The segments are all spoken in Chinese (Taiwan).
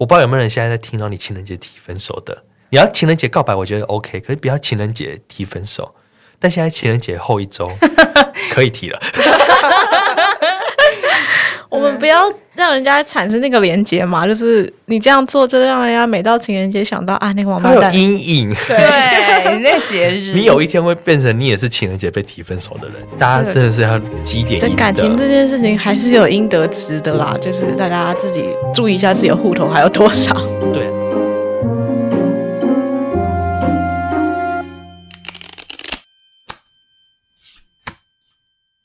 我不知道有沒有人現在在聽到你情人節提分手的。你要情人節告白，我覺得 OK，可是不要情人節提分手。但現在情人節後一周可以提了。 我們不要讓人家產生那個連接嘛，就是你這樣做，就讓人家每到情人節想到啊，那個王八蛋有陰影。對， 你那節日，你有一天會變成你也是情人節被提分手的人，大家真的是要積點。對感情這件事情，還是有陰德值的啦，嗯、就是大家自己注意一下自己的戶頭還有多少。對。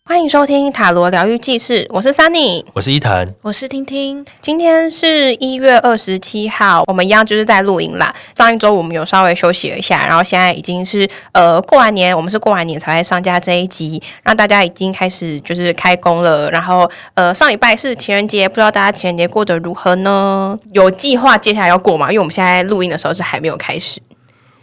歡迎收聽塔羅療癒記事，我是 Sunny，我是一騰，我是聽聽！今天是一月二十七號，我們一樣就是在錄音啦。上一周我們有稍微休息了一下，然後現在已經是呃過完年，我們是過完年才會上架這一集，讓大家已經開始就是開工了。然後呃上禮拜是情人節，不知道大家情人節過得如何呢？有計劃接下來要過嗎？因為我們現在錄音的時候是還沒有開始。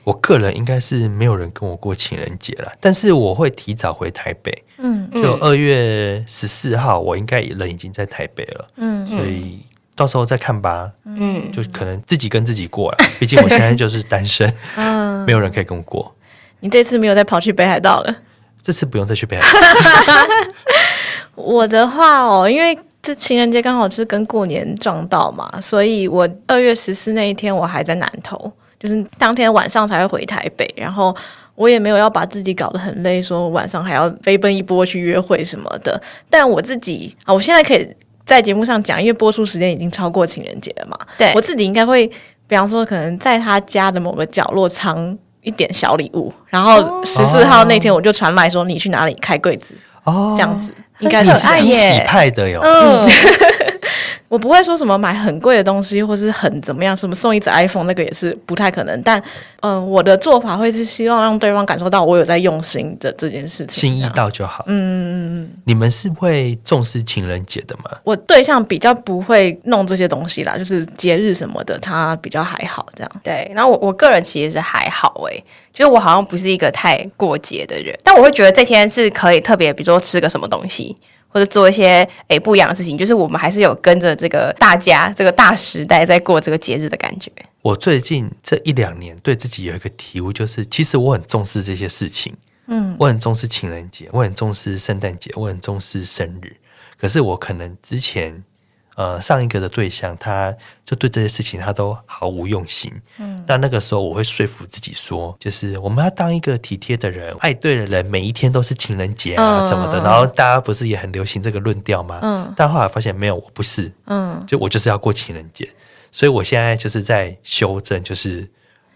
我個人應該是沒有人跟我過情人節了，但是我會提早回台北，嗯，就二月十四號，我應該人已經在台北了，嗯，所以到時候再看吧，嗯，就可能自己跟自己過了，嗯、畢竟我現在就是單身，嗯， 沒有人可以跟我過、嗯。你這次沒有再跑去北海道了？這次不用再去北海道。 我的話哦，因為這情人節剛好是跟過年撞到嘛，所以我二月十四那一天我還在南投。就是當天晚上才會回台北，然後我也沒有要把自己搞得很累，說晚上還要飛奔一波去約會什麼的。但我自己啊，我現在可以在節目上講，因為播出時間已經超過情人節了嘛。對我自己應該會，比方說可能在他家的某個角落藏一點小禮物，然後十四號那天我就傳來說，你去哪裡開櫃子哦，這樣子應該是驚喜派的喲。嗯。 我不會說什麼買很貴的東西，或是很怎麼樣，什麼送一支 iPhone，那個也是不太可能。但，嗯、呃，我的做法會是希望讓對方感受到我有在用心的這件事情，心意到就好。嗯，你們是會重視情人節的嗎？我對象比較不會弄這些東西啦，就是節日什麼的，他比較還好這樣。對，然後我我個人其實是還好誒、欸。就是我好像不是一個太過節的人，但我會覺得這天是可以特別，比如說吃個什麼東西。或者做一些誒，不一樣的事情，就是我們還是有跟着這個大家這個大時代在過這個節日的感覺。我最近這一兩年對自己有一個體悟，就是其實我很重視這些事情，嗯，我很重視情人節，我很重視聖誕節，我很重視生日，可是我可能之前。呃，上一個的對象，他就對這些事情他都毫無用心。嗯，那那個時候我會說服自己說，就是我們要當一個體貼的人，愛對了人，每一天都是情人節啊什麼的。嗯、然後大家不是也很流行這個論調嗎？嗯。但後來發現沒有，我不是。嗯。就我就是要過情人節，嗯、所以我現在就是在修正，就是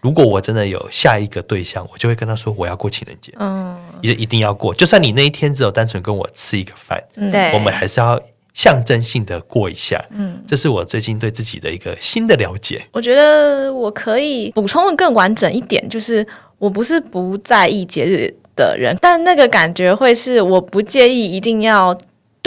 如果我真的有下一個對象，我就會跟他說我要過情人節。嗯。就一定要過，就算你那一天只有單純跟我吃一個飯，對，我們還是要。象徵性的過一下，嗯，這是我最近對自己的一個新的了解。我覺得我可以補充的更完整一點，就是我不是不在意節日的人，但那個感覺會是我不介意一定要。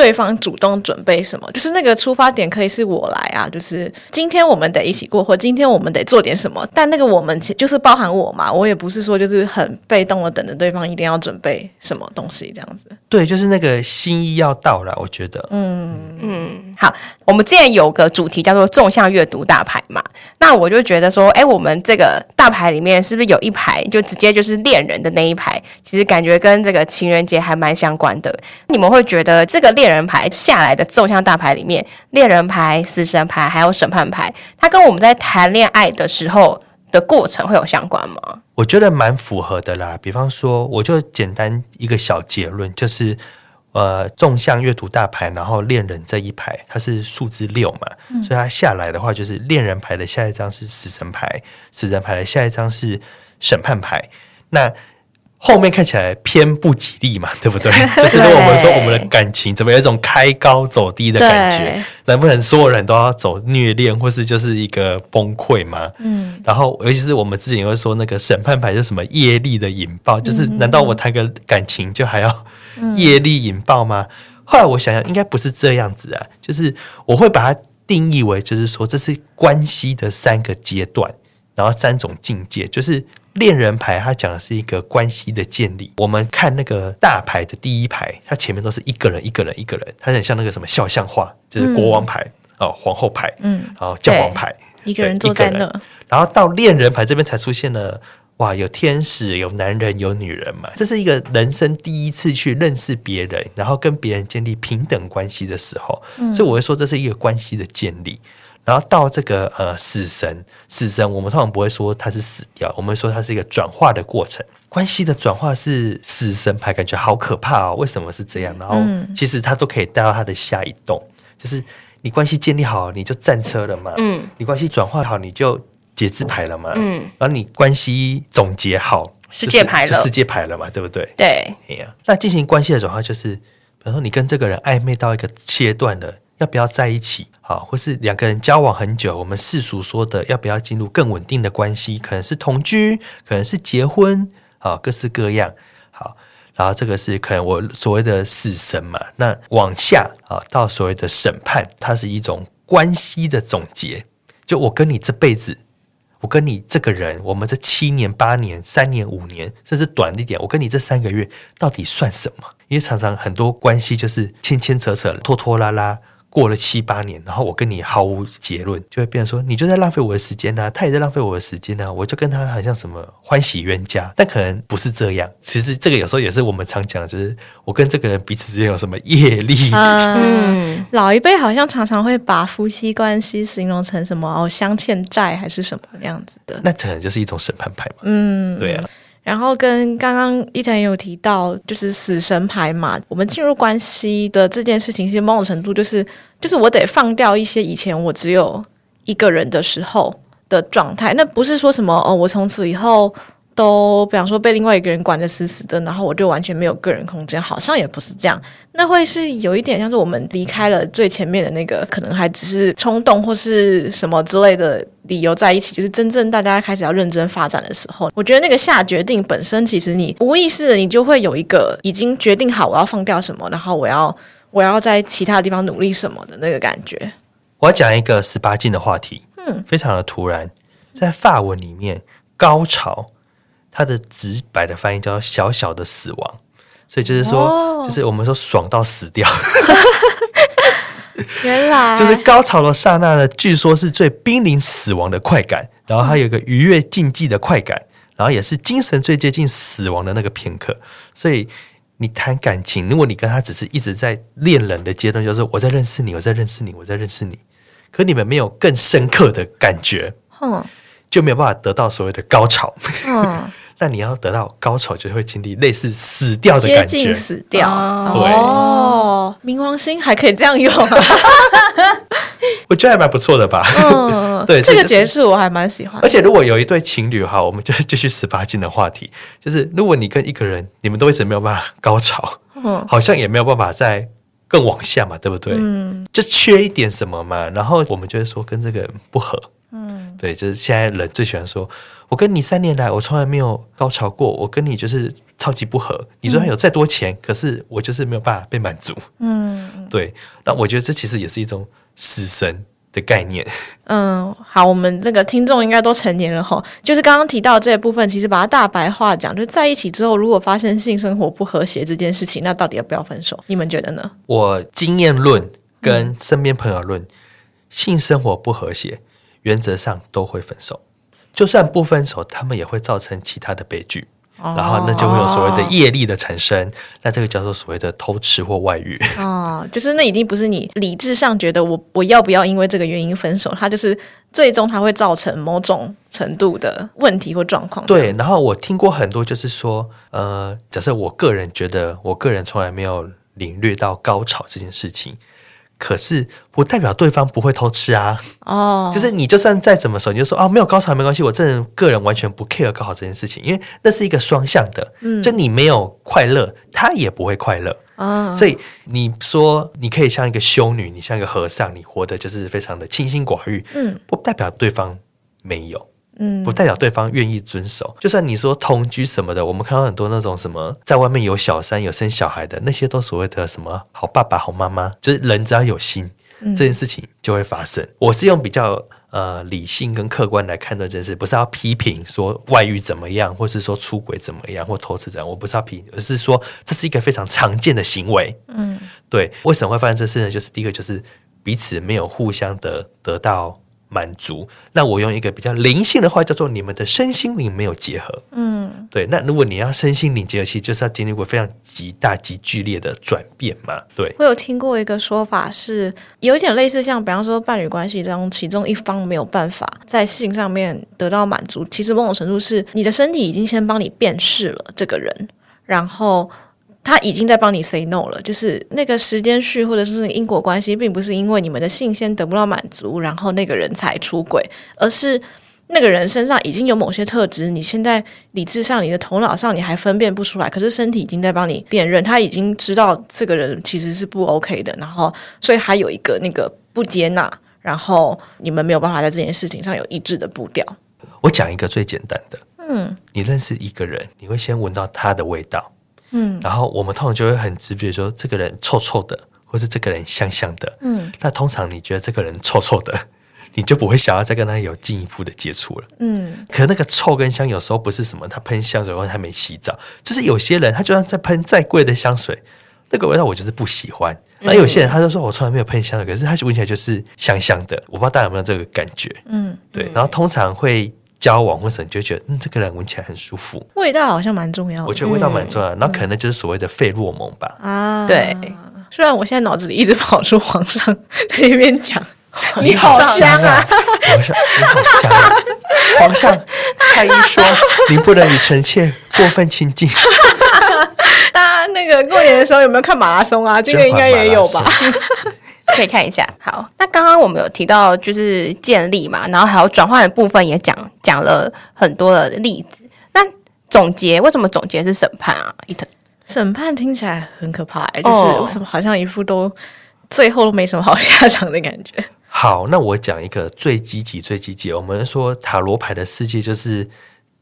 對方主動準備什麼，就是那個出發點可以是我來啊，就是今天我們得一起過，或、嗯、今天我們得做點什麼。但那個我們其就是包含我嘛，我也不是說就是很被動的等着對方一定要準備什麼東西這樣子。對，就是那個心意要到了，我覺得。嗯嗯。嗯嗯好，我們之前有個主題叫做縱向閱讀大牌嘛，那我就覺得說，哎，我們這個大牌裡面是不是有一排就直接就是戀人的那一排？其實感覺跟這個情人節還蠻相關的。你們會覺得這個戀？戀人牌下來的縱向大牌裡面，戀人牌、死神牌還有審判牌，它跟我們在談戀愛的時候的過程會有相關嗎？我覺得蠻符合的啦。比方說，我就簡單一個小結論，就是呃，縱向閱讀大牌，然後戀人這一排它是數字六嘛，嗯。所以它下來的話就是戀人牌的下一張是死神牌，死神牌的下一張是審判牌。那後面看起來偏不吉利嘛，對不對？ 就是如果我們說我們的感情怎麼有一種開高走低的感覺， 對 難不成所有人都要走虐戀，或是就是一個崩潰嗎？嗯，然後尤其是我們之前也會說那個審判牌是什麼業力的引爆，嗯、就是難道我談個感情就還要業力引爆嗎？嗯、後來我想想，應該不是這樣子啊，就是我會把它定義為就是說，這是關係的三個階段，然後三種境界，就是。戀人牌，它講的是一個關係的建立。我們看那個大牌的第一排，它前面都是一個人，一個人，一個人，它很像那個什麼肖像畫，就是國王牌，嗯、哦皇後牌，嗯，然後教皇牌，嗯、對一個人坐，一個人。然後到戀人牌這邊才出現了，哇，有天使，有男人，有女人嘛，這是一個人生第一次去認識別人，然後跟別人建立平等關係的時候，嗯、所以我會說這是一個關係的建立。然後到這個呃死神，死神，我們通常不會說它是死掉，我們說它是一個轉化的過程。關係的轉化是死神牌，感覺好可怕哦。為什麼是這樣？然後其實它都可以帶到它的下一棟，嗯、就是你關係建立好，你就戰車了嘛。嗯，你關係轉化好，你就節制牌了嘛。嗯，然後你關係總結好，世界牌了，世界牌了嘛，對不對？對，對啊，那進行關係的轉化，就是比如說你跟這個人曖昧到一個階段了。要不要在一起？好，或是兩個人交往很久，我們世俗說的要不要進入更穩定的關係？可能是同居，可能是結婚，好，各式各樣。好，然後這個是可能我所謂的死神嘛？那往下啊，到所謂的審判，它是一種關係的總結。就我跟你這輩子，我跟你這個人，我們這七年、八年、三年、五年，甚至短一點，我跟你這三個月到底算什麼？因為常常很多關係就是牽牽扯扯、拖拖拉拉。過了七八年，然後我跟你毫無結論，就會變成說你就在浪費我的時間呢、啊，他也在浪費我的時間呢、啊，我就跟他好像什麼歡喜冤家，但可能不是這樣。其實這個有時候也是我們常講的，就是我跟這個人彼此之間有什麼業力。嗯， 老一輩好像常常會把夫妻關係形容成什麼哦，相欠債還是什麼樣子的。那可能就是一種審判牌嘛。嗯，對啊。然後跟剛剛一騰也有提到，就是死神牌嘛，我們進入關係的這件事情，其實某種程度就是，就是我得放掉一些以前我只有一個人的時候的狀態。那不是說什麼哦，我從此以後。都比方說被另外一個人管得死死的，然後我就完全沒有個人空間。好像也不是這樣，那會是有一點像是我們離開了最前面的那個，可能還只是衝動或是什麼之類的理由在一起。就是真正大家開始要認真發展的時候，我覺得那個下決定本身，其實你無意識的，你就會有一個已經決定好我要放掉什麼，然後我要我要在其他地方努力什麼的那個感覺。我要講一個十八禁的話題，嗯，非常的突然，在法文裡面高潮。它的直白的翻譯叫“小小的死亡”，所以就是說，哦、就是我們說爽到死掉。 原來就是高潮的剎那呢，據說是最瀕臨死亡的快感，然後還有一個愉悅禁忌的快感，嗯、然後也是精神最接近死亡的那個片刻。所以你談感情，如果你跟他只是一直在戀人的階段，就是我在認識你，我在認識你，我在認識你，我在認識你，可你們沒有更深刻的感覺，嗯、就沒有辦法得到所謂的高潮。嗯但你要得到高潮，就會經歷類似死掉的感覺，接近死掉。對哦，冥王星還可以這樣用，啊， 我覺得還蠻不錯的吧。嗯、 對，這個解釋我還蠻喜歡。而且如果有一對情侶哈，我們就繼續十八禁的話題，就是如果你跟一個人，你們都一直沒有辦法高潮，好像也沒有辦法再更往下嘛，對不對？就缺一點什麼嘛。然後我們就會說跟這個不合。嗯，對，就是現在人最喜歡說。我跟你三年來，我從來沒有高潮過。我跟你就是超級不和。你就算有再多錢，嗯、可是我就是沒有辦法被滿足。嗯，對。那我覺得這其實也是一種死神的概念。嗯，好，我們這個聽眾應該都成年了哈。就是剛剛提到這一部分，其實把它大白話講，就在一起之後，如果發生性生活不和諧這件事情，那到底要不要分手？你們覺得呢？我經驗論跟身邊朋友論，嗯、性生活不和諧，原則上都會分手。就算不分手，他們也會造成其他的悲劇，哦、然後那就會有所謂的業力的產生，哦、那這個叫做所謂的偷吃或外遇啊、哦，就是那已經不是你理智上覺得我我要不要因為這個原因分手，它就是最終它會造成某種程度的問題或狀況。對，然後我聽過很多，就是說，呃，假設我個人覺得，我個人從來沒有領略到高潮這件事情。可是不代表對方不會偷吃啊！哦，oh. 就是你就算再怎麼說，你就說啊、哦，沒有高潮沒關係，我這人個人完全不 care 高潮這件事情，因為那是一個雙向的，嗯，就你沒有快樂，他也不會快樂啊。Oh. 所以你說你可以像一個修女，你像一個和尚，你活得就是非常的清心寡欲，嗯，不代表對方沒有。不代表對方願意遵守。就算你說同居什麼的，我們看到很多那種什麼在外面有小三、有生小孩的，那些都所謂的什麼好爸爸、好媽媽，就是人只要有心，這件事情就會發生。嗯，我是用比較呃理性跟客觀來看待這件事，不是要批評說外遇怎麼樣，或是說出軌怎麼樣，或偷吃怎樣。我不是要批評，而是說這是一個非常常見的行為。嗯，對，為什麼會發生這事呢？就是第一個就是彼此沒有互相的得，得到。滿足，那我用一個比較靈性的話叫做“你們的身心靈沒有結合”。嗯，對。那如果你要身心靈結合，其實就是要經歷過非常極大、極劇烈的轉變嘛。對，我有聽過一個說法是，有一點類似像，比方說伴侶關係中其中一方沒有辦法在性上面得到滿足，其實某種程度是你的身體已經先幫你辨識了這個人，然後，他已經在幫你 say no 了，就是那個時間序或者是因果關係，並不是因為你們的性先得不到滿足，然後那個人才出軌，而是那個人身上已經有某些特質，你現在理智上、你的頭腦上你還分辨不出來，可是身體已經在幫你辨認，他已經知道這個人其實是不 OK 的，然後所以還有一個那個不接納，然後你們沒有辦法在這件事情上有一致的步調。我講一個最簡單的，嗯，你認識一個人，你會先聞到他的味道。嗯，然後我們通常就會很直覺說，這個人臭臭的，或是這個人香香的。嗯，那通常你覺得這個人臭臭的，你就不會想要再跟他有進一步的接觸了。嗯，可是那個臭跟香有時候不是什麼，他噴香水或者他沒洗澡，就是有些人他就算再噴再貴的香水，那個味道我就是不喜歡。那、嗯、有些人他就說我從來沒有噴香水，可是他聞起來就是香香的，我不知道大家有沒有這個感覺？嗯，對，然後通常會。交往或者你就覺得嗯，這個人聞起來很舒服，味道好像蠻重要的。我覺得味道蠻重要，那可能就是所謂的費洛蒙吧。啊，對。雖然我現在腦子裡一直跑出皇上在那邊講：“你好香啊，皇上，你好香啊。”皇上，太醫說：“你不能與臣妾過分親近。”大家那個過年的時候有沒有看馬拉松啊？這個應該也有吧。可以看一下，好。那剛剛我們有提到就是建立嘛，然後還有轉換的部分也講講了很多的例子。那總結，為什麼總結是審判啊？一騰，審判聽起來很可怕，欸，哦、就是為什麼好像一副都最後都沒什麼好下場的感覺。好，那我講一個最積極最積極。我們說塔羅牌的世界就是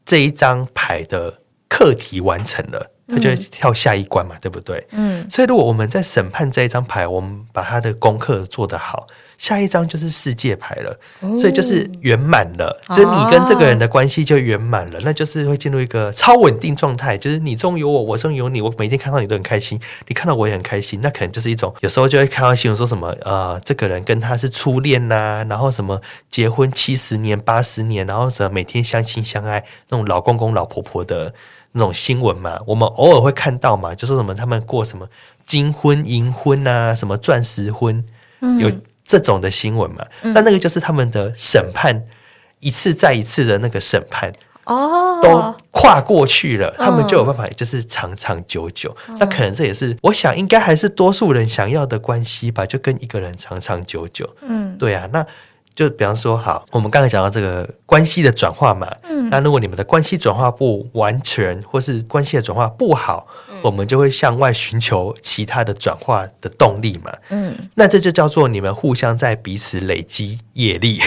這一張牌的課題完成了。他就會跳下一關嘛，嗯、對不對？嗯。所以如果我們在審判這一張牌，我們把他的功課做得好，下一張就是世界牌了，所以就是圓滿了。嗯、就是你跟這個人的關係就圓滿了，哦、那就是會進入一個超穩定狀態。就是你中有我，我中有你，我每天看到你都很開心，你看到我也很開心。那可能就是一種有時候就會看到新聞說什麼呃，這個人跟他是初戀吶、啊，然後什麼結婚七十年、八十年，然後什麼每天相親相愛那種老公公老婆婆的。那種新聞嘛，我們偶爾會看到嘛，就說什麼他們過什麼金婚、銀婚啊，什麼鑽石婚，嗯、有這種的新聞嘛。嗯、那那個就是他們的審判，一次再一次的那個審判哦，都跨過去了，嗯、他們就有辦法就是長長久久。嗯、那可能這也是我想應該還是多數人想要的關係吧，就跟一個人長長久久。嗯，對啊，那。就比方說，好，我們剛才講到這個關係的轉化嘛，嗯，那如果你們的關係轉化不完全，或是關係的轉化不好，嗯，我們就會向外尋求其他的轉化的動力嘛，嗯，那這就叫做你們互相在彼此累積業力，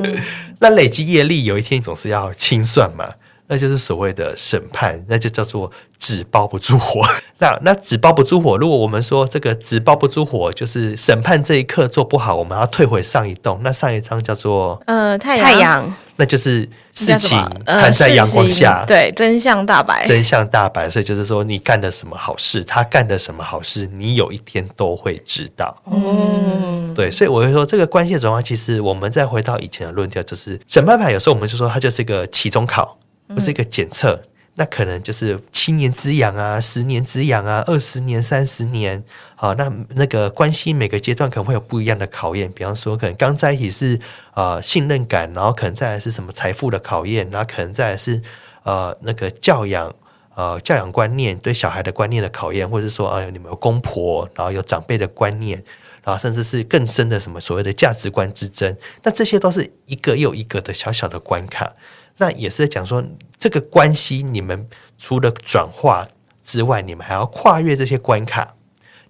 那累積業力有一天總是要清算嘛。那就是所謂的審判，那就叫做紙包不住火。 那那紙包不住火，如果我們說這個紙包不住火，就是審判這一刻做不好，我們要退回上一棟。那上一張叫做呃太陽，那就是事情還、呃、在陽光下、呃，對，真相大白，真相大白。所以就是說，你幹的什麼好事，他幹的什麼好事，你有一天都會知道。嗯，對。所以我就說，這個關係的轉換，其實我們再回到以前的論調，就是審判牌有時候我們就說，它就是一個期中考。不是一個檢測，那可能就是七年之癢啊，十年之癢啊，二十年、三十年啊，那那個關係每個階段可能會有不一樣的考驗。比方說，可能剛在一起是呃信任感，然後可能再來是什麼財富的考驗，然後可能再來是呃那個教養呃教養觀念對小孩的觀念的考驗，或者說啊、呃、你們有公婆然後有長輩的觀念，然後甚至是更深的什麼所謂的價值觀之爭，那這些都是一個又一個的小小的關卡。那也是在講說，這個關係你們除了轉化之外，你們還要跨越這些關卡，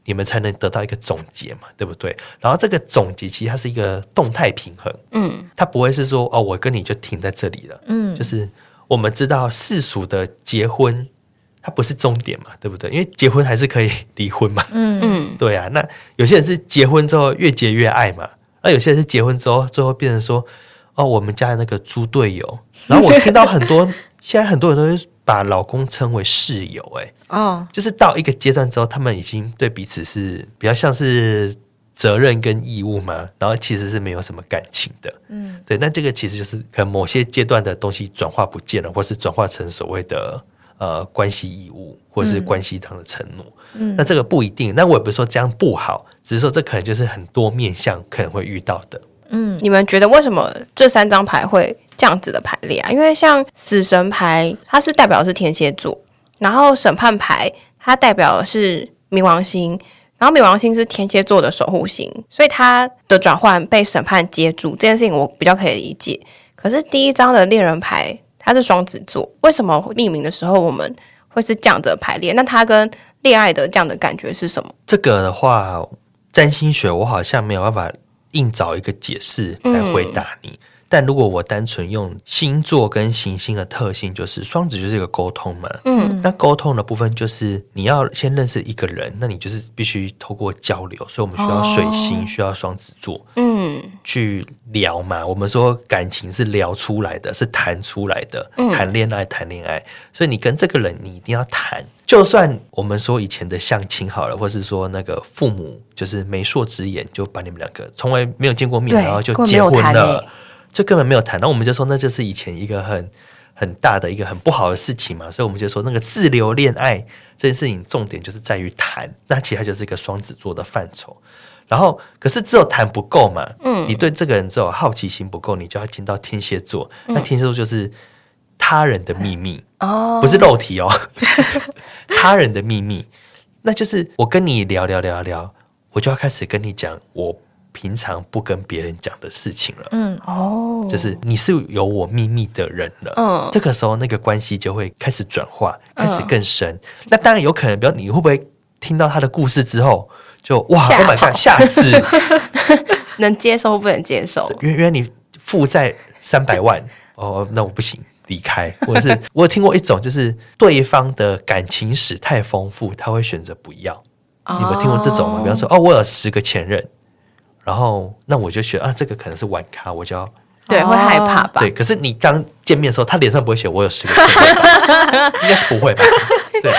你們才能得到一個總結嘛，對不對？然後這個總結其實它是一個動態平衡，嗯，它不會是說哦，我跟你就停在這裡了，嗯，就是我們知道世俗的結婚它不是終點嘛，對不對？因為結婚還是可以離婚嘛，嗯嗯，對啊。那有些人是結婚之後越結越愛嘛，而有些人是結婚之後最後變成說。哦，我們家的那個豬隊友。然後我聽到很多， 現在很多人都把老公稱為室友、欸，哎，哦，就是到一個階段之後，他們已經對彼此是比較像是責任跟義務嘛，然後其實是沒有什麼感情的，嗯，對。那這個其實就是可能某些階段的東西轉化不見了，或是轉化成所謂的呃關係義務，或是關係上的承諾、嗯。嗯，那這個不一定。那我也不是說這樣不好，只是說這可能就是很多面向可能會遇到的。嗯，你們覺得為什麼這三張牌會這樣子的排列啊？因為像死神牌，它是代表的是天蠍座，然後審判牌它代表的是冥王星，然後冥王星是天蠍座的守護星，所以它的轉換被審判接住這件事情我比較可以理解。可是第一張的戀人牌它是雙子座，為什麼命名的時候我們會是這樣子的排列？那它跟戀愛的這樣的感覺是什麼？這個的話，占星學我好像沒有辦法。硬找一個解釋來回答你。嗯但如果我單純用星座跟行星的特性，就是雙子就是一個溝通嘛，嗯，那溝通的部分就是你要先認識一個人，那你就是必須透過交流，所以我們需要水星，哦、需要雙子座，嗯，去聊嘛。我們說感情是聊出來的，是談出來的，嗯、談戀愛談戀愛，所以你跟這個人你一定要談。就算我們說以前的相親好了，或是說那個父母就是媒妁之言就把你們兩個從來沒有見過面，對然後就結婚了。就根本沒有談，那我們就說，那就是以前一個很很大的一個很不好的事情嘛。所以我們就說，那個自留戀愛這件事情，重點就是在於談。那其實就是一個雙子座的範疇。然後，可是只有談不夠嘛，嗯，你對這個人只有好奇心不夠，你就要進到天蠍座。那天蠍座就是他人的秘密哦，嗯、不是肉體哦， 他人的秘密。那就是我跟你聊聊聊聊，我就要開始跟你講我。平常不跟別人講的事情了，嗯哦，就是你是有我秘密的人了，嗯，這個時候那個關係就會開始轉化，嗯、開始更深。嗯、那當然有可能，比如你會不會聽到他的故事之後，就哇，跑我馬上嚇死， 能接受不能接受？原，原來 你負債三百萬 哦，那我不行，離開。我是我有聽過一種，就是對方的感情史太豐富，他會選擇不要。哦、你們聽過這種嗎？比方說，哦，我有十個前任。然後，那我就覺得啊，這個可能是玩咖，我就要，對，會害怕吧？對，可是你剛見面的時候，他臉上不會寫我有十個， 應該是不會吧？對，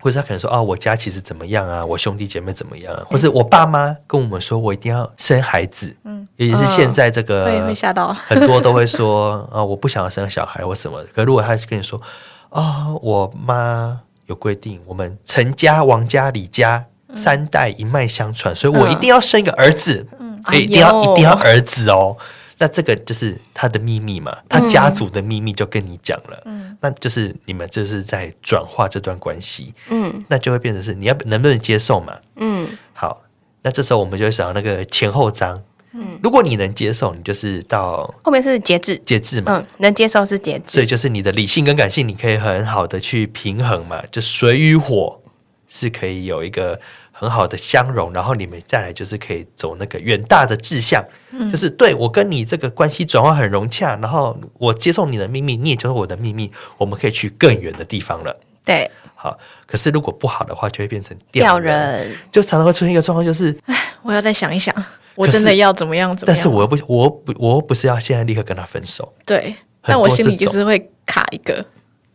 或者他可能說啊，我家其實怎麼樣啊？我兄弟姐妹怎麼樣？或是我爸媽跟我們說我一定要生孩子，嗯，也是現在這個、嗯、對，沒嚇到 很多都會說啊，我不想要生小孩或什麼。可如果他跟你說啊，我媽有規定，我們陳家、家、家、王家、嗯、李家三代一脈相傳，所以我一定要生一個兒子。嗯嗯哎、欸，一定要、哎、呦一定要兒子哦！那這個就是他的秘密嘛，他家族的秘密就跟你講了。嗯，那就是你們就是在轉化這段關係。嗯，那就會變成是你要能不能接受嘛？嗯，好，那這時候我們就想要那個前後章。嗯，如果你能接受，你就是到後面是節制，節制嘛。嗯，能接受是節制，所以就是你的理性跟感性，你可以很好的去平衡嘛，就水與火是可以有一個。很好的相融，然後你們再來就是可以走那個遠大的志向，嗯、就是對我跟你這個關係轉化很融洽，然後我接受你的秘密，你也就是我的秘密，我們可以去更遠的地方了。對，好。可是如果不好的話，就會變成吊人，吊人就常常會出現一個狀況，就是哎，我要再想一想，我真的要怎麼樣？怎麼樣？是但是我又不，我不，我不是要現在立刻跟他分手。對，但我心裡就是會卡一個。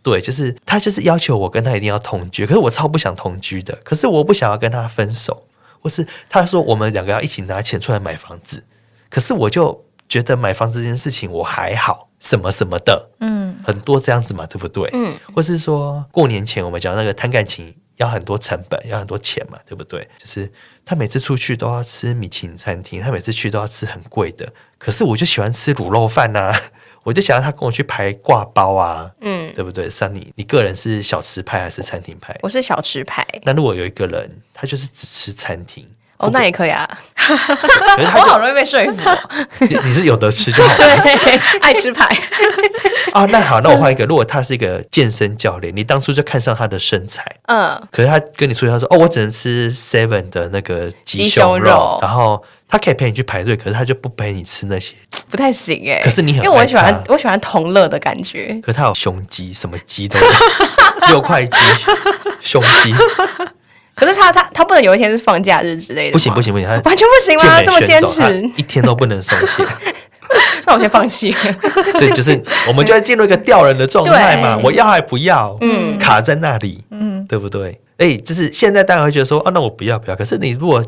對，就是他，就是要求我跟他一定要同居，可是我超不想同居的。可是我不想要跟他分手，或是他說我們兩個要一起拿錢出來買房子，可是我就覺得買房子這件事情我還好，什麼什麼的，嗯，很多這樣子嘛，對不對？嗯，或是說，過年前我們講那個談感情要很多成本，要很多錢嘛，對不對？就是他每次出去都要吃米其林餐廳，他每次去都要吃很貴的，可是我就喜歡吃滷肉飯吶、啊。我就想要他跟我去排掛包啊，嗯，對不對？Sunny，你個人是小吃派還是餐廳派？我是小吃派。那如果有一個人，他就是只吃餐廳，不不哦，那也可以啊。 可是他，我好容易被說服、啊 你。你是有得吃就好了，愛吃派。 啊，那好，那我換一個。如果他是一個健身教練，你當初就看上他的身材，嗯。可是他跟你出去，他說：“哦，我只能吃 Seven 的那個雞胸肉，胸肉，然後他可以陪你去排隊，可是他就不陪你吃那些。”不太行哎、欸，可是你很因為我喜歡我喜歡同樂的感覺，可是他有胸肌，什麼肌都有， 六塊肌，胸肌。 可是他他他不能有一天是放假日之類的不，不行不行不行，完全不行嗎？這麼堅持一天都不能鬆懈， 那我先放棄。 所以就是我們就會進入一個吊人的狀態嘛，對我要還不要？嗯，卡在那裡，嗯，對不對？哎、欸，就是現在大家會覺得說啊，那我不要不要，可是你如果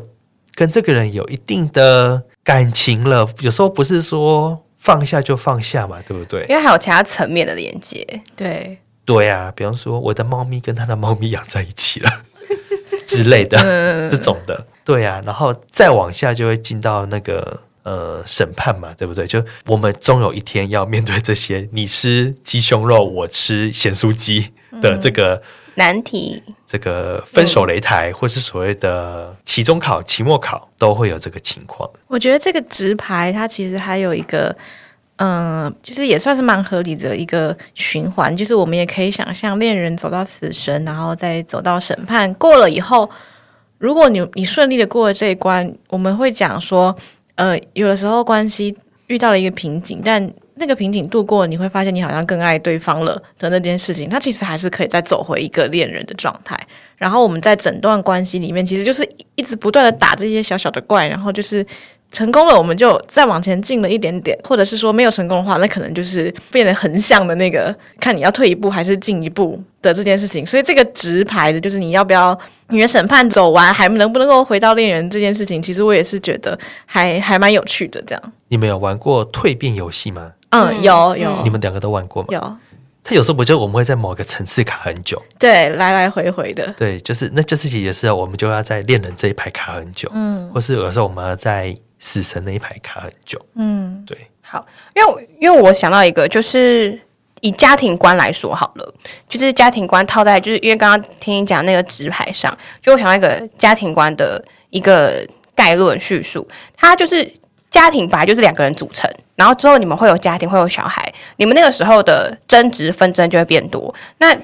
跟這個人有一定的。感情了，有時候不是說放下就放下嘛，對不對？因為還有其他層面的連接。對對啊，比方說我的貓咪跟他的貓咪養在一起了 之類的，嗯、這種的。對啊，然後再往下就會進到那個呃審判嘛，對不對？就我們終有一天要面對這些，你吃雞胸肉，我吃鹹酥雞的這個。嗯難題，這個分手擂台，嗯、或是所謂的期中考、期末考，都會有這個情況。我覺得這個直牌它其實還有一個，嗯、呃，就是也算是蠻合理的一個循環。就是我們也可以想象，戀人走到死神，然後再走到審判過了以後，如果你你順利的過了這一關，我們會講說，呃，有的時候關係遇到了一個瓶頸，但。那個瓶頸度過了，你會發現你好像更愛對方了的那件事情，它其實還是可以再走回一個戀人的狀態。然後我們在整段關係裡面，其實就是一直不斷的打這些小小的怪，然後就是成功了，我們就再往前進了一點點；或者是說沒有成功的話，那可能就是變得橫向的那個，看你要退一步還是進一步的這件事情。所以這個直排的就是你要不要你的審判走完還能不能夠回到戀人這件事情，其實我也是覺得還還蠻有趣的這樣。你們有玩過蛻變遊戲嗎？嗯，有、嗯、有，有。你們兩個都玩過嗎？有。他有時候不覺得我們會在某個層次卡很久，對，來來回回的，對，就是那這次也是，我們就要在戀人這一排卡很久，嗯，或是有時候我們要在死神那一排卡很久，嗯，對，好，因為因為我想到一個，就是以家庭觀來說好了，就是家庭觀套在，就是因為剛剛聽你講那個直牌上，就我想到一個家庭觀的一個概論敘述，它就是。家庭本來就是兩個人組成，然後之後你們會有家庭，會有小孩，你們那個時候的爭執紛爭就會變多。那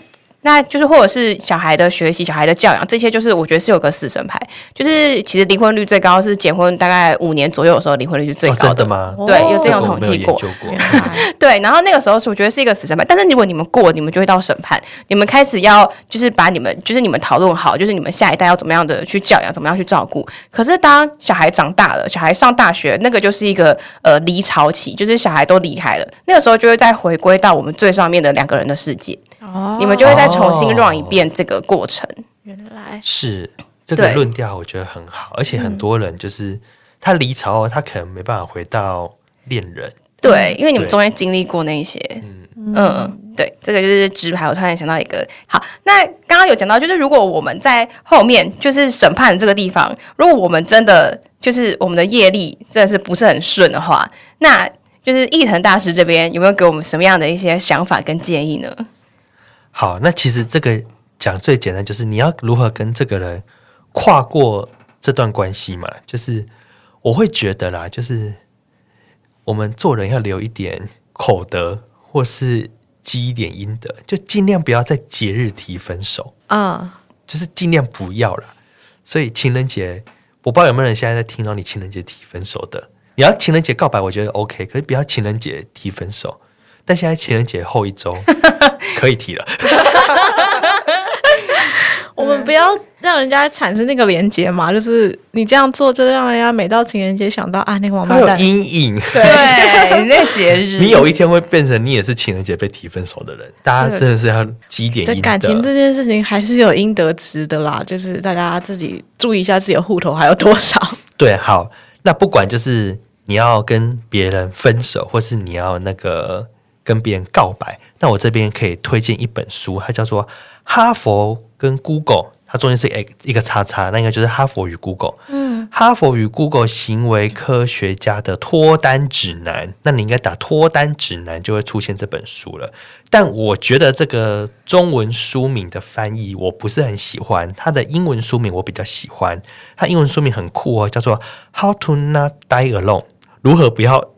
那就是，或者是小孩的學習、小孩的教養，這些就是我覺得是有個死神牌。就是其實離婚率最高是結婚大概五年左右的時候，離婚率是最高的。哦、真的嗎？對，哦、有這種統計過。這個我沒有研究過嗯、 對，然後那個時候是我覺得是一個死神牌，但是如果你們過，你們就會到審判，你們開始要就是把你們就是你們討論好，就是你們下一代要怎麼樣的去教養，怎麼樣去照顧。可是當小孩長大了，小孩上大學，那個就是一個呃離巢期，就是小孩都離開了，那個時候就會再回歸到我們最上面的兩個人的世界。 你們就會再重新 run 一遍這個過程。哦、原來是這個論調，我覺得很好，對而且很多人就是他離巢，他可能沒辦法回到戀人。對，因為你們中間經歷過那些。對嗯嗯,嗯，對，這個就是直牌，我突然想到一個。好，那剛剛有講到，就是如果我們在後面就是審判這個地方，如果我們真的就是我們的業力真的是不是很順的話，那就是一騰大師這邊有沒有給我們什麼樣的一些想法跟建議呢？好，那其實這個講最簡單，就是你要如何跟這個人跨過這段關係嘛？就是我會覺得啦，就是我們做人要留一點口德，或是積一點陰德，就盡量不要在節日提分手啊，oh. 就是盡量不要啦。所以情人節，我不知道有沒有人現在在聽到你情人節提分手的。你要情人節告白，我覺得 OK，可是不要情人節提分手。但現在情人節後一周。 可以提了， 我們不要讓人家產生那個連結嘛，就是你這樣做，就讓人家每到情人節想到啊，那個王八蛋，有陰影。對， 那節日，你有一天會變成你也是情人節被提分手的人，大家真的是要積點陰德。對感情這件事情，還是有陰德值的啦，就是大家自己注意一下自己的戶頭還有多少。對，好，那不管就是你要跟別人分手，或是你要那個跟別人告白，那我這邊可以推薦一本書，它叫做《哈佛跟 Google》，它中間是誒一個叉叉，那應該就是《哈佛與 Google》。嗯，《哈佛與 Google 行為科學家的脫單指南》，那你應該打“脫單指南”就會出現這本書了。但我覺得這個中文書名的翻譯我不是很喜歡，它的英文書名我比較喜歡，它英文書名很酷哦，叫做《How to Not Die Alone》，如何不要。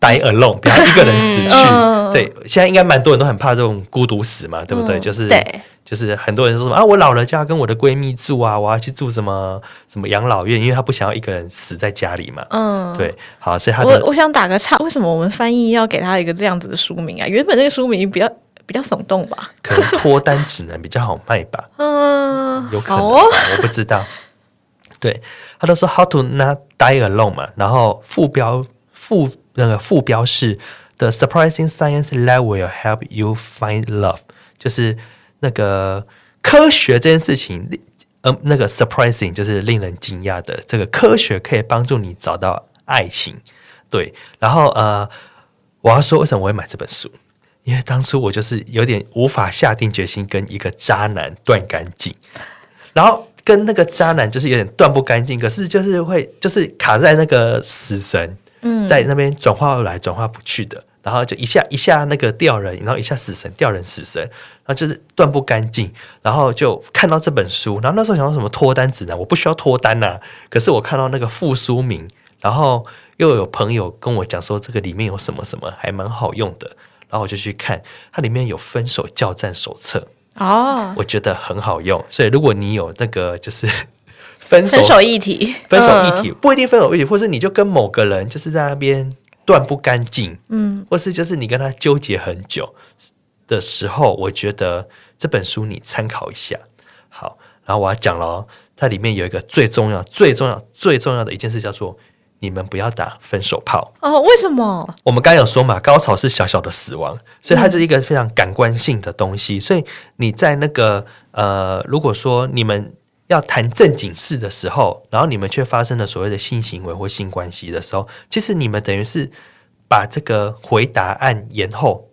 die alone，不要一個人死去。嗯嗯、對，現在應該蠻多人都很怕這種孤獨死嘛，對不對？嗯、就是對就是很多人說什麼啊，我老了就要跟我的閨蜜住啊，我要去住什麼什麼養老院，因為他不想要一個人死在家裡嘛。嗯，對，好，所以他的我我想打個岔，為什麼我們翻譯要給他一個這樣子的書名啊？原本那個書名比較比較聳動吧，可能脫單指南比較好賣吧。嗯，有可能，哦、我不知道。對，他都說 how to not die alone 嘛，然後副標副。那個副標是 "The surprising science that will help you find love"，就是那個科學這件事情，嗯、呃，那個 surprising 就是令人驚訝的，這個科學可以幫助你找到愛情。對，然後呃，我要說為什麼我會買這本書，因為當初我就是有點無法下定決心跟一個渣男斷乾淨，然後跟那個渣男就是有點斷不乾淨，可是就是會就是卡在那個死神。在那邊轉化而來、轉化不去的，然後就一下一下那個吊人，然後一下死神吊人死神，然後就是斷不乾淨，然後就看到這本書，然後那時候想到什麼脫單指南，我不需要脫單吶、啊，可是我看到那個副書名，然後又有朋友跟我講說這個裡面有什麼什麼還蠻好用的，然後我就去看它裡面有分手教戰手冊哦，oh. 我覺得很好用，所以如果你有那個就是。分手，分手議題，嗯、分手議題不一定，分手議題，或是你就跟某個人就是在那邊斷不乾淨，嗯，或是就是你跟他糾結很久的時候，我覺得這本書你參考一下。好，然後我要講了，它裡面有一個最重要、最重要、最重要的一件事，叫做你們不要打分手炮哦。為什麼？我們剛有說嘛，高潮是小小的死亡，所以它是一個非常感官性的東西，嗯、所以你在那個呃，如果說你們。要談正經事的時候，然後你們卻發生了所謂的性行為或性關係的時候，其實你們等於是把這個回答按延後，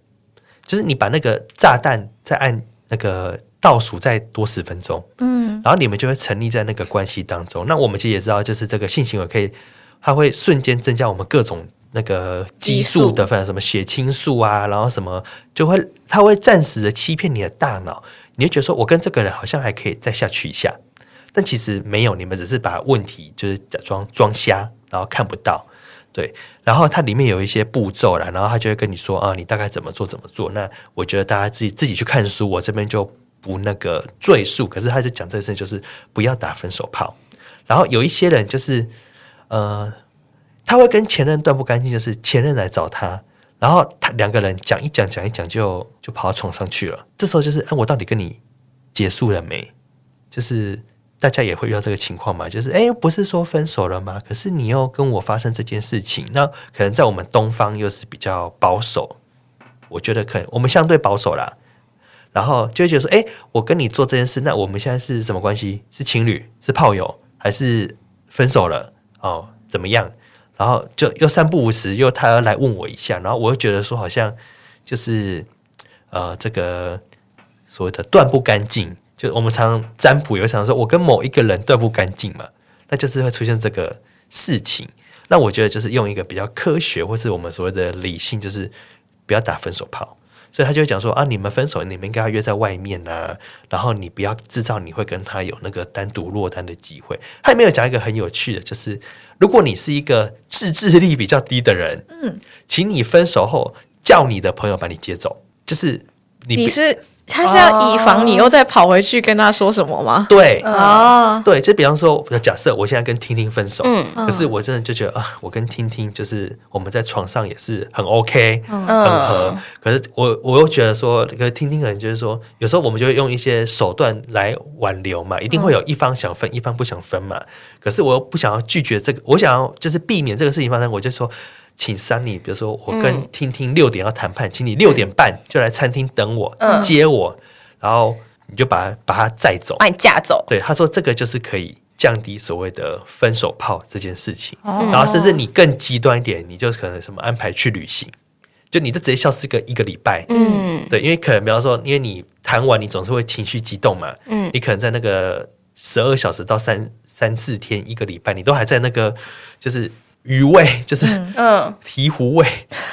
就是你把那個炸彈再按那個倒數再多十分鐘，嗯，然後你們就會沉溺在那個關係當中。那我們其實也知道，就是這個性行為可以，它會瞬間增加我們各種那個激素的分，反正什麼血清素啊，然後什麼就會，它會暫時的欺騙你的大腦，你就覺得說我跟這個人好像還可以再下去一下。但其實沒有，你們只是把問題就是假裝裝瞎，然後看不到，對。然後它裡面有一些步驟了，然後他就會跟你說啊，你大概怎麼做怎麼做。那我覺得大家自己自己去看書，我這邊就不那個贅述。可是他就講這事情就是不要打分手炮。然後有一些人就是呃，他會跟前任斷不乾淨，就是前任來找他，然後他兩個人講一講講一講就，就就跑到床上去了。這時候就是，哎、啊，我到底跟你結束了沒？就是。大家也會遇到這個情況嘛，就是哎、欸，不是說分手了嗎？可是你又跟我發生這件事情，那可能在我們東方又是比較保守，我覺得可能我們相對保守啦，然後就覺得說，哎、欸，我跟你做這件事，那我們現在是什麼關係？是情侶？是炮友？還是分手了？哦，怎麼樣？然後就又三不五時又他要來問我一下，然後我又覺得說好像就是呃，這個所謂的斷不乾淨。就我們常常占卜，有想說，我跟某一個人斷不乾淨嘛，那就是會出現這個事情。那我覺得就是用一個比較科學，或是我們所謂的理性，就是不要打分手炮。所以他就會講說啊，你們分手，你們應該要約在外面呢，啊，然後你不要制造你會跟他有那個單獨落單的機會。他也沒有講一個很有趣的，就是如果你是一個自制力比較低的人，嗯，請你分手後叫你的朋友把你接走，就是你你是。他是要以防你又再跑回去跟他說什麼嗎？Oh, 對，啊，oh. 對，就比方說，假設我現在跟聽聽分手，嗯，可是我真的就覺得，啊，我跟聽聽就是我們在床上也是很 OK、嗯、很合，可是我我又覺得說，可是聽聽可能就是說，有時候我們就會用一些手段來挽留嘛，一定會有一方想分，嗯、一方不想分嘛，可是我又不想要拒絕這個，我想要就是避免這個事情發生，我就說。請 Sunny，比如說我跟聽、嗯、聽聽六點要談判，請你六點半就來餐廳等我、嗯、接我，然後你就把他把他載走，把你架走。對，他說這個就是可以降低所謂的分手炮這件事情。哦、然後甚至你更極端一點，你就可能什麼安排去旅行，就你這直接消失個一個禮拜。嗯，對，因為可能比方說，因為你談完你總是會情緒激動嘛，嗯、你可能在那個十二小時到三三四天一個禮拜，你都還在那個就是。餘味就是醍醐味，嗯，嗯，醍醐味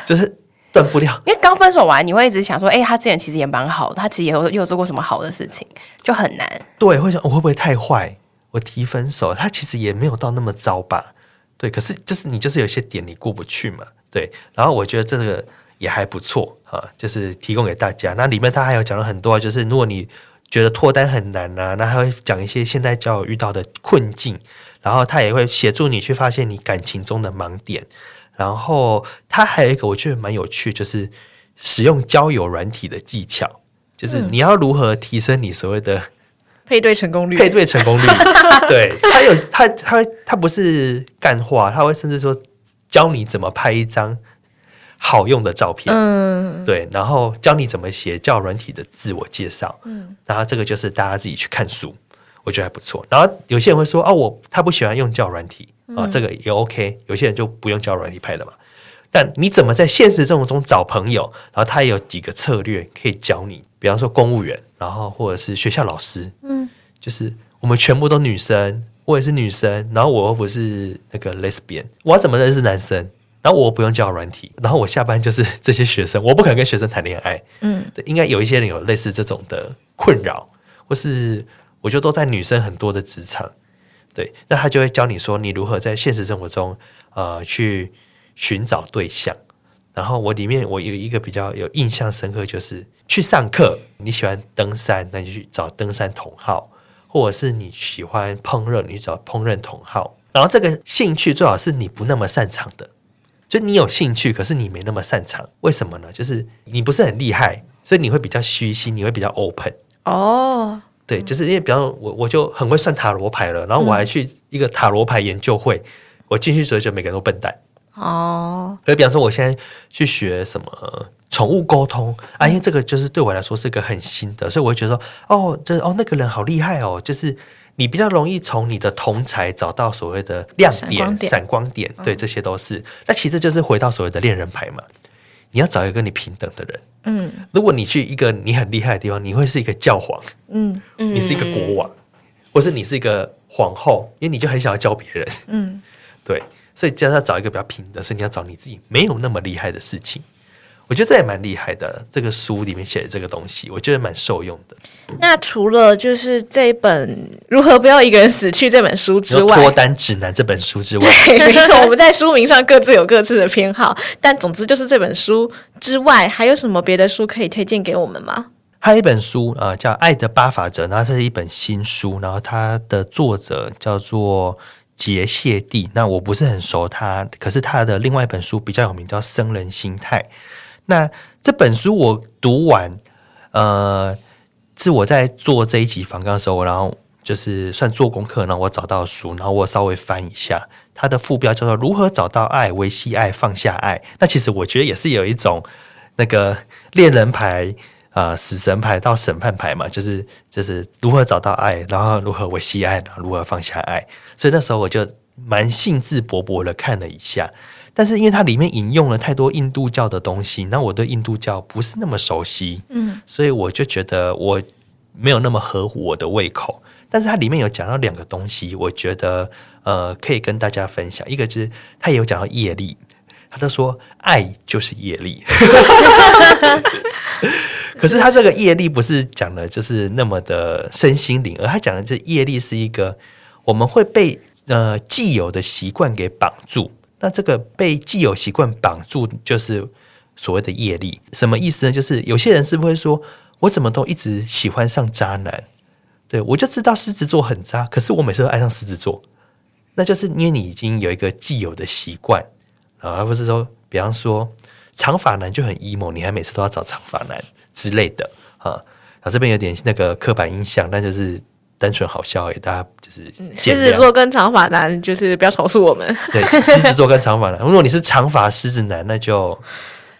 就是斷不了，因為剛分手完，你會一直想說，哎、欸，他之前其實也蠻好，他其實也有又有做過什麼好的事情，就很難。對，會想我、哦、會不會太壞？我提分手，他其實也沒有到那麼糟吧？對，可是就是你就是有些點你過不去嘛。對，然後我覺得這個也還不錯啊，就是提供給大家。那裡面他還有講了很多，就是如果你覺得脫單很難啊，那他會講一些現在交友遇到的困境。然後他也會協助你去發現你感情中的盲點，然後他還有一個我覺得蠻有趣，就是使用交友軟體的技巧，嗯、就是你要如何提升你所謂的配對成功率，配對成功率， 對，他有，他他他不是幹話，他會甚至說教你怎麼拍一張好用的照片，嗯，對，然後教你怎麼寫交友軟體的自我介紹，嗯，然後這個就是大家自己去看書。我覺得還不錯。然後有些人會說：“哦、啊，我他不喜歡用交友軟體啊，嗯、這個也 OK。”有些人就不用交友軟體派了嘛。但你怎麼在現實生活中找朋友？然後他也有幾個策略可以教你，比方說公務員，然後或者是學校老師。嗯，就是我們全部都女生，我也是女生，然後我又不是那個 Lesbian，我怎麼認識男生？然後我不用交友軟體，然後我下班就是這些學生，我不可能跟學生談戀愛。嗯，應該有一些人有類似這種的困擾，或是。我就都在女生很多的職場，對，那他就會教你說你如何在現實生活中，呃，去尋找對象。然後我裡面我有一個比較有印象深刻，就是去上課。你喜歡登山，那你去找登山同好；或者是你喜歡烹飪，你去找烹飪同好。然後這個興趣最好是你不那麼擅長的，就你有興趣，可是你沒那麼擅長。為什麼呢？就是你不是很厲害，所以你會比較虛心，你會比較 open 哦。Oh. 對，就是因為比方說我我就很會算塔羅牌了，然後我還去一個塔羅牌研究會，嗯、我進去所以就每個人都笨蛋哦。而比方說，我現在去學什麼寵物溝通啊，因為這個就是對我來說是個很新的，所以我會覺得說，哦，這、就是、哦那個人好厲害哦，就是你比較容易從你的同才找到所謂的亮點、閃光點，對，嗯、這些都是。那其實就是回到所謂的戀人牌嘛。你要找一個你平等的人。嗯，如果你去一個你很厲害的地方，你會是一個教皇。嗯，你是一個國王，嗯，或是你是一個皇後，因為你就很想要教別人。嗯，對，所以叫他找一個比較平等，所以你要找你自己沒有那麼厲害的事情。我覺得這也蠻厲害的。這個書裡面寫的這個東西，我覺得蠻受用的。嗯、那除了就是這本《如何不要一個人死去》這本書之外，《脫單指南》這本書之外，對沒錯， 我們在書名上各自有各自的偏好。但總之就是這本書之外，還有什麼別的書可以推薦給我們嗎？還有一本書啊、呃，叫《愛的八法則》，然後這是一本新書，然後它的作者叫做傑謝蒂。那我不是很熟他，可是他的另外一本書比較有名，叫《僧人心態》。那這本書我讀完，呃，是我在做這一集訪談的時候，然後就是算做功課，然後我找到書，然後我稍微翻一下，它的副標叫做《如何找到愛、維繫愛、放下愛》。那其實我覺得也是有一種那個戀人牌、啊、呃，死神牌到審判牌嘛，就是就是如何找到愛，然後如何維繫愛，如何放下愛。所以那時候我就蠻興致勃勃的看了一下。但是因為它裡面引用了太多印度教的東西，那我對印度教不是那麼熟悉，嗯，所以我就覺得我沒有那麼合乎我的胃口。但是它裡面有講到兩個東西，我覺得呃可以跟大家分享。一個就是他也有講到業力，他都說愛就是業力， 可是他這個業力不是講的就是那麼的身心靈，而他講的這業力是一個我們會被呃既有的習慣給綁住。那這個被既有習慣綁住，就是所謂的業力，什麼意思呢？就是有些人是不是會說，我怎麼都一直喜歡上渣男，對，我就知道獅子座很渣，可是我每次都愛上獅子座，那就是因為你已經有一個既有的習慣，而不是說，比方說長髮男就很 emo，你還每次都要找長髮男之類的啊，這邊有點那個刻板印象，那就是。單純好笑誒、欸，大家就是獅子座跟長髮男，就是不要投訴我們。 對，獅子座跟長髮男，如果你是長髮獅子男，那就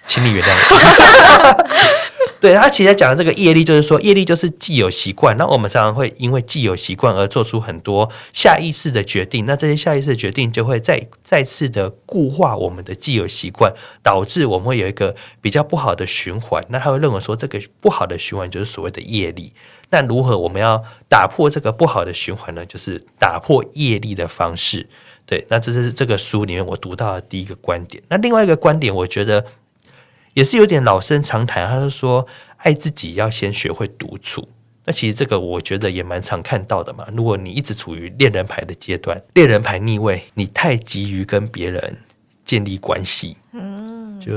請你原諒我。 對，他其實講的這個業力，就是說業力就是既有習慣。那我們常常會因為既有習慣而做出很多下意識的決定。那這些下意識的決定就會再再次的固化我們的既有習慣，導致我們會有一個比較不好的循環。那他會認為說這個不好的循環就是所謂的業力。那如何我們要打破這個不好的循環呢？就是打破業力的方式。對，那這是這個書裡面我讀到的第一個觀點。那另外一個觀點，我覺得。也是有點老生常談，他就說，愛自己要先學會獨處。那其實這個我覺得也蠻常看到的嘛。如果你一直處於戀人牌的階段，戀人牌逆位，你太急於跟別人建立關係，嗯，就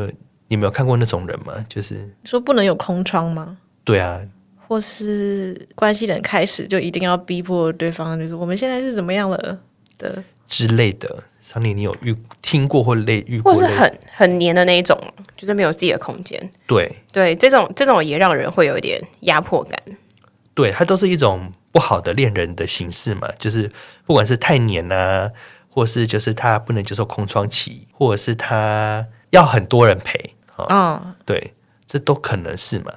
你沒有看過那種人嗎？就是說不能有空窗嗎？對啊，或是關係人開始就一定要逼迫對方，就是我們現在是怎麼樣了的？對。之類的，三年你，你有遇聽過或累遇過，或是很很黏的那一種，就是沒有自己的空間。對對，這種這種也讓人會有一點壓迫感。對，它都是一種不好的戀人的形式嘛，就是不管是太黏啊，或是就是他不能接受空窗期，或者是他要很多人陪。嗯、哦，對，這都可能是嘛。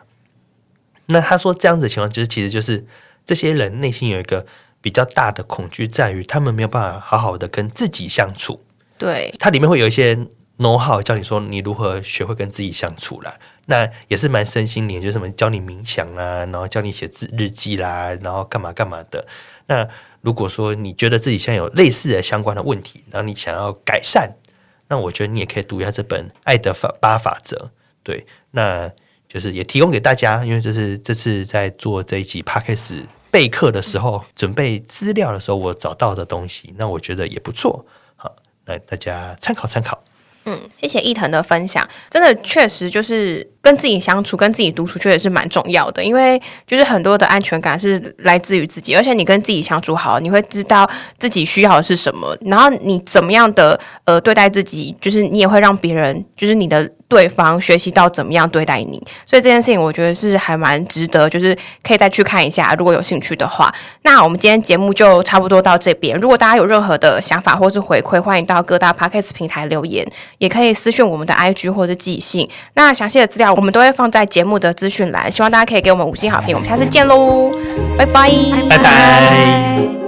那他說這樣子的情況，就是其實就是這些人內心有一個。比較大的恐懼在於，他們沒有辦法好好的跟自己相處。對，它裡面會有一些 know-how 教你說你如何學會跟自己相處啦。那也是蠻身心靈，就是、什麼教你冥想啦、啊，然後教你寫字日記啦、啊，然後幹嘛幹嘛的。那如果說你覺得自己現在有類似的相關的問題，然後你想要改善，那我覺得你也可以讀一下這本《愛的法八法則》。對，那就是也提供給大家，因為這是這次在做這一集 Podcast 備課的時候，準備資料的時候，我找到的東西，那我覺得也不錯。好，來大家參考參考。嗯，謝謝一騰的分享，真的確實就是跟自己相處、跟自己獨處，確實是蠻重要的。因為就是很多的安全感是來自於自己，而且你跟自己相處好，你會知道自己需要的是什麼，然後你怎麼樣的呃，對待自己，就是你也會讓別人，就是你的。對方學習到怎麼樣對待你，所以這件事情我覺得是還蠻值得，就是可以再去看一下，如果有興趣的話。那我們今天節目就差不多到這邊，如果大家有任何的想法或是回饋，歡迎到各大 podcast 平台留言，也可以私訊我們的 IG 或者寄信。那詳細的資料我們都會放在節目的資訊欄，希望大家可以給我們五星好評。我們下次見嘍，拜拜，拜拜。拜拜。